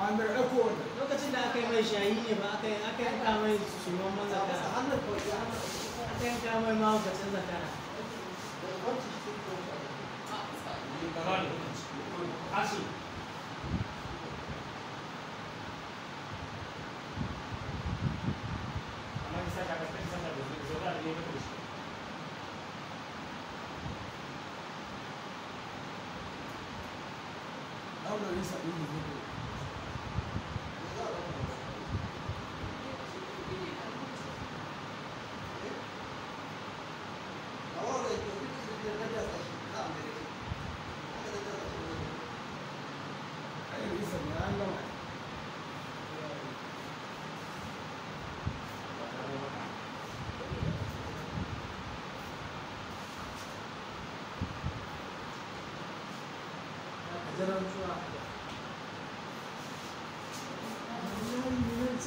an bar ɗauko lokacin da aka yi mai shayi ne ba aka yi aka yanka mai shugaban man zakara aka yanka mai mahaukacin zakara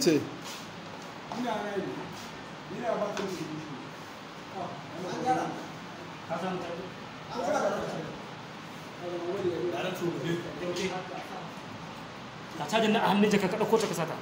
eh cajin na a hannun jaka ka ta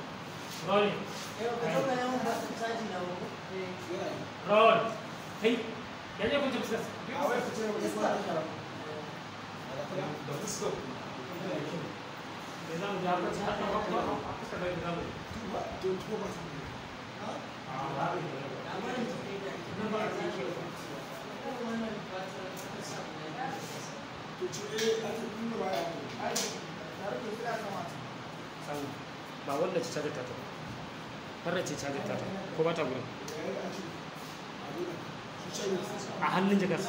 Thank you. ba wanda ci cajin tata farar ci cajin tata ko ba ta gudun a hannun jakar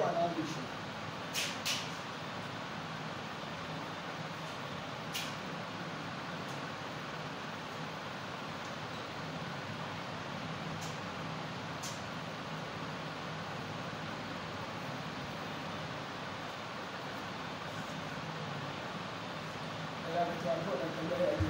one ambition. Gracias.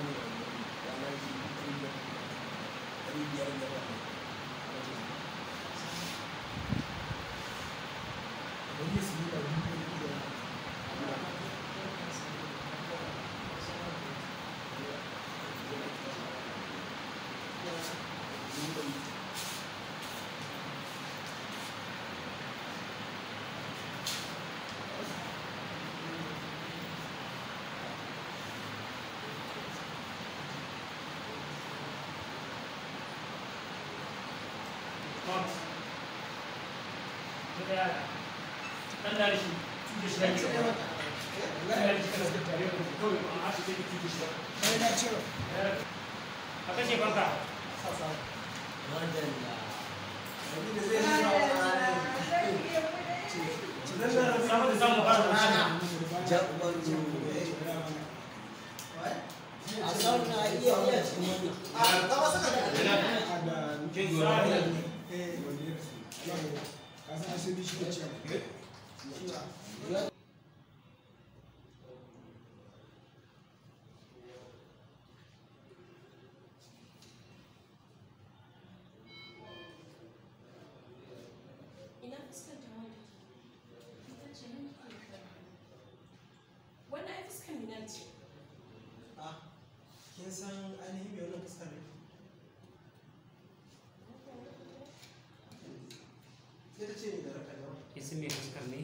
Enerji düşmek yok. bi ina fuskar ita ce nan ke ah, wannan fuskar san ainihin से manage करने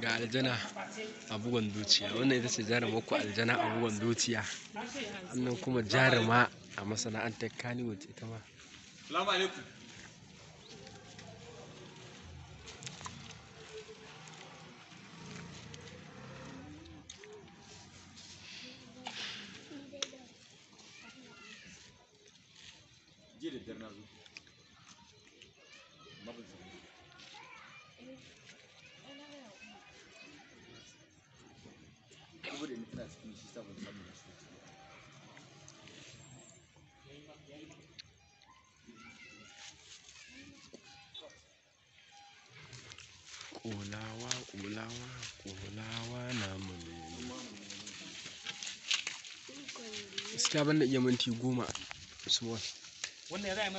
ga aljana a bugun zuciya wannan ita ce jarumar aljana a bugun zuciya wannan kuma jaruma a masana'antar kaniwood ita ma saboda samun da su ƙulawa ƙulawa ƙulawa na mulu gaskiya da iya minti goma su wani wannan a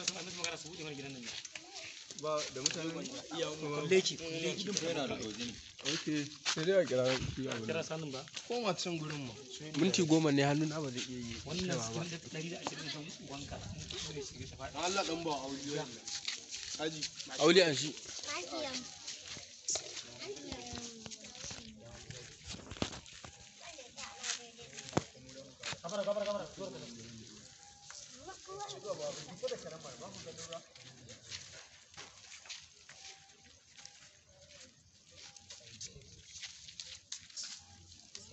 gidan nan ba da mutanen iya leki leki din da gozi ne okay sai dai a kira shi a kira sanin ba gurin mu minti goma ne hannun na ba zai iya yi wannan sun 120 Allah dan ba auli an shi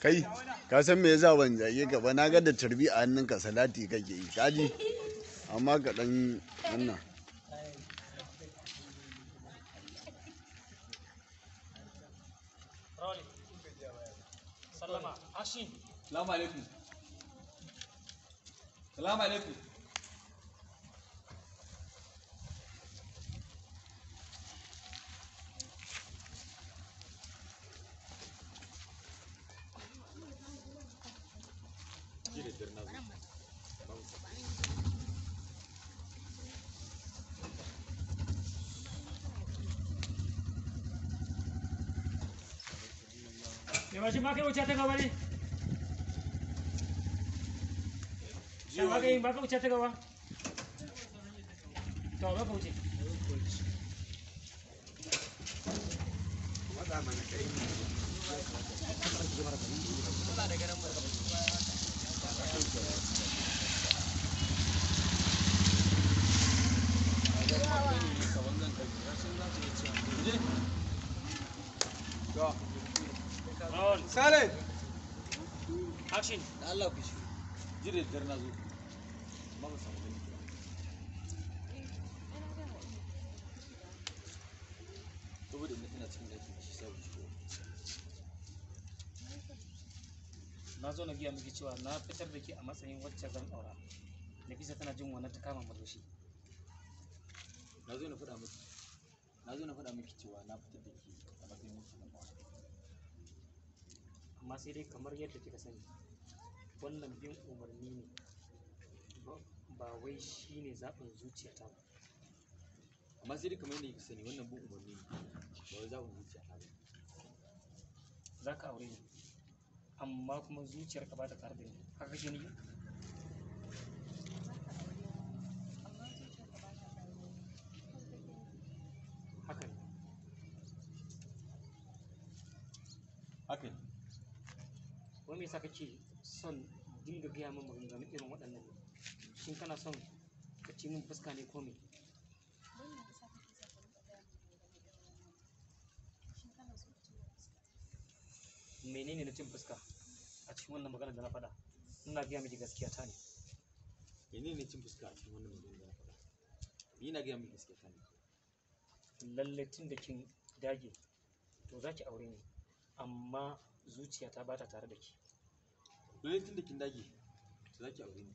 kai ka san me yasa ban zage ka ba na ga da tarbi a hannunka salati kake yi kaji amma ka dan wannan Ashim. assalamualaikum. alaikum. Salamu alaikum. Leva de kembali? cewa haka yin ba Action! Allah saboda inda tana cikin ɗakin shi sai wuce na zo na biya miki cewa na fitar da ke a matsayin wacce zan aura Nafisa tana jin wani ta kama murmushi na zo na faɗa miki na zo na faɗa miki cewa na fitar da ke a matsayin wacce zan aura amma sai dai kamar yadda kika sani wannan bin umarni ne ba wai shi ne zaɓin ta ba amma sai dai kamar yadda ka sani wannan bin umarni ba wai zaɓin ta ba za ka aure ni amma kuma ka ba ta tare da ni haka kake ni haka ne haka ne wani yasa kake son dinga gaya min maganganu irin waɗannan shin kana son ka ci min fuska ne ko me menene na cin fuska a cikin wannan magana da na faɗa ina gaya miki gaskiya ta ne menene cin fuska a cikin wannan magana da na faɗa ni ina gaya miki gaskiya ta ne lalle tun da kin dage to za ki aure ni amma zuciyata ba ta tare da ki lalle tun da kin dage to za ki aure ni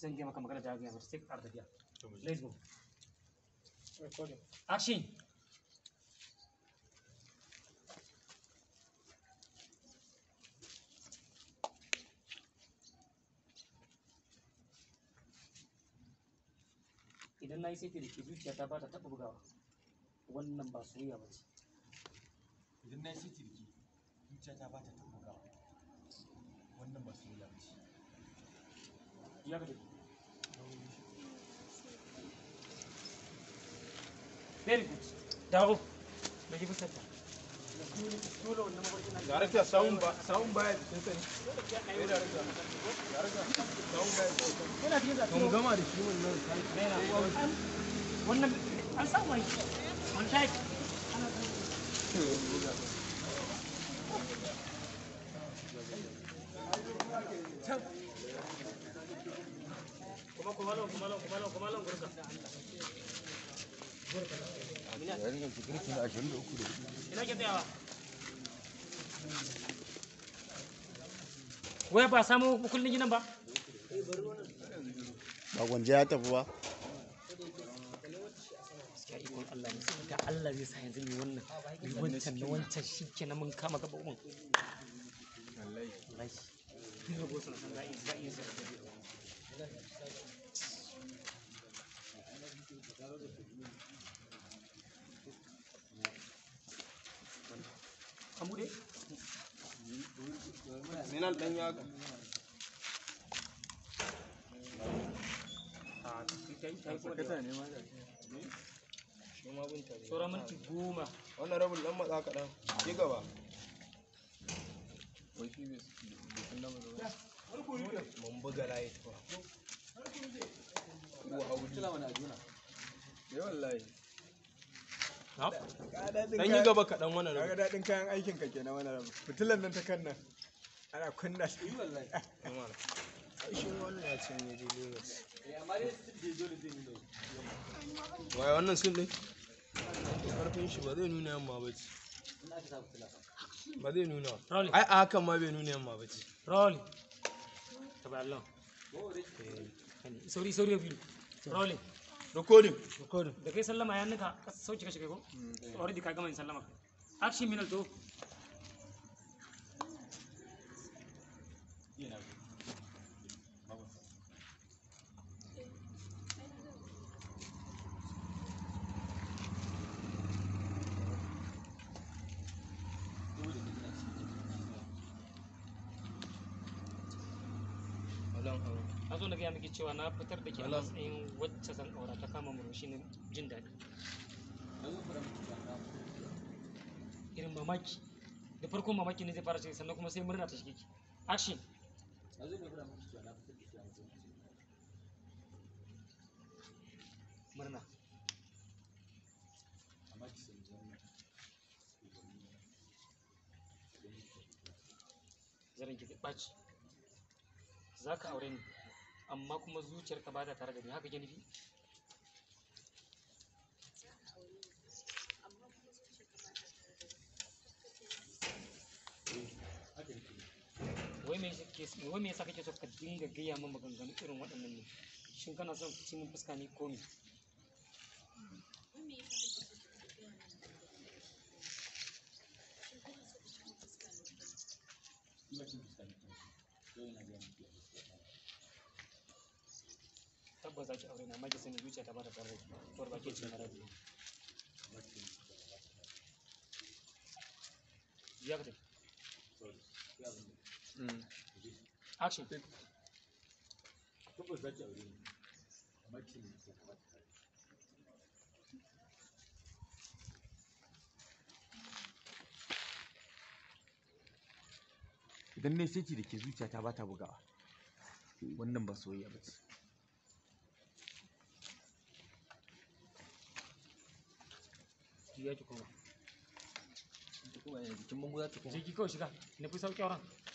zan gaya maka magana da gaya maka let's idan na yi sai da ke zuciya ta bata taɓa bugawa wannan ba soyayya ba ce idan yi sai zuciya ta ya very good dawo mai yi sound ba sound ba sound ba Yana cikin zafi. Mun gama da shi Wannan an Mun Kuma kuma kuma lo kuma lo kuma gurka. Gurka. yarinyar ba samu kullun gidan ba ba gwanje ya tafi ba ikon Allah ne Allah zai sa yanzu mai wannan mai wancan na wancan shi ke na mun kama gaba original ɗan yaga Sura hmm? minti goma. Wannan rabin gaba. Mun buga layi Tila wani ajuna. yi gaba kaɗan wannan rabin. Kaga daɗin kayan wannan rabin. Fitilan nan ta kan nan. ana kunna shi wallahi wannan ya ce ne eh, Lagos wai wannan sun ne karfin shi ba zai nuna yamma ba ce ba zai nuna ai a hakan ma bai nuna yamma ba ce rolling taballon eh, sauri sauri ya biyu rolling recording recording da kai sallama ya nuka sauki kashe kai ko hmm, eh. already ka gama yin sallama action minal to shine jin daɗi irin mamaki da farkon mamaki ne zai fara shiga sannan kuma sai murna ta shige action murna ɓaci za ka aure ni amma kuma zuciyarka ba ta tare da ni haka ke wai me wai me yasa kake so ka dinga gaya min maganganu irin waɗannan ne shin kana son ci min fuska ne ko me tabbas za ki aure na sani zuciya ta ba ke cin rabi ya ka tafi Mm. Action, baby. Idan ne sai da ke zuciyata ba ta bugawa. Wannan ba soyayya ba ce. Ki ya ki koma. Ki koma yanzu, eh, kin bango za ta koma. Je ki kawai shiga, na fi sauƙi auren.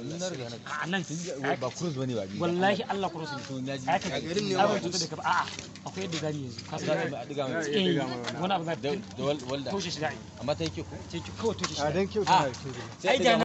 a nan ba kurus bane ba wallahi Allah kurus ne to naji a garin ne ba tuta da ka a akwai yadda zani yanzu ka san a diga mai diga mai wani abu da walda shi amma ko shi a dan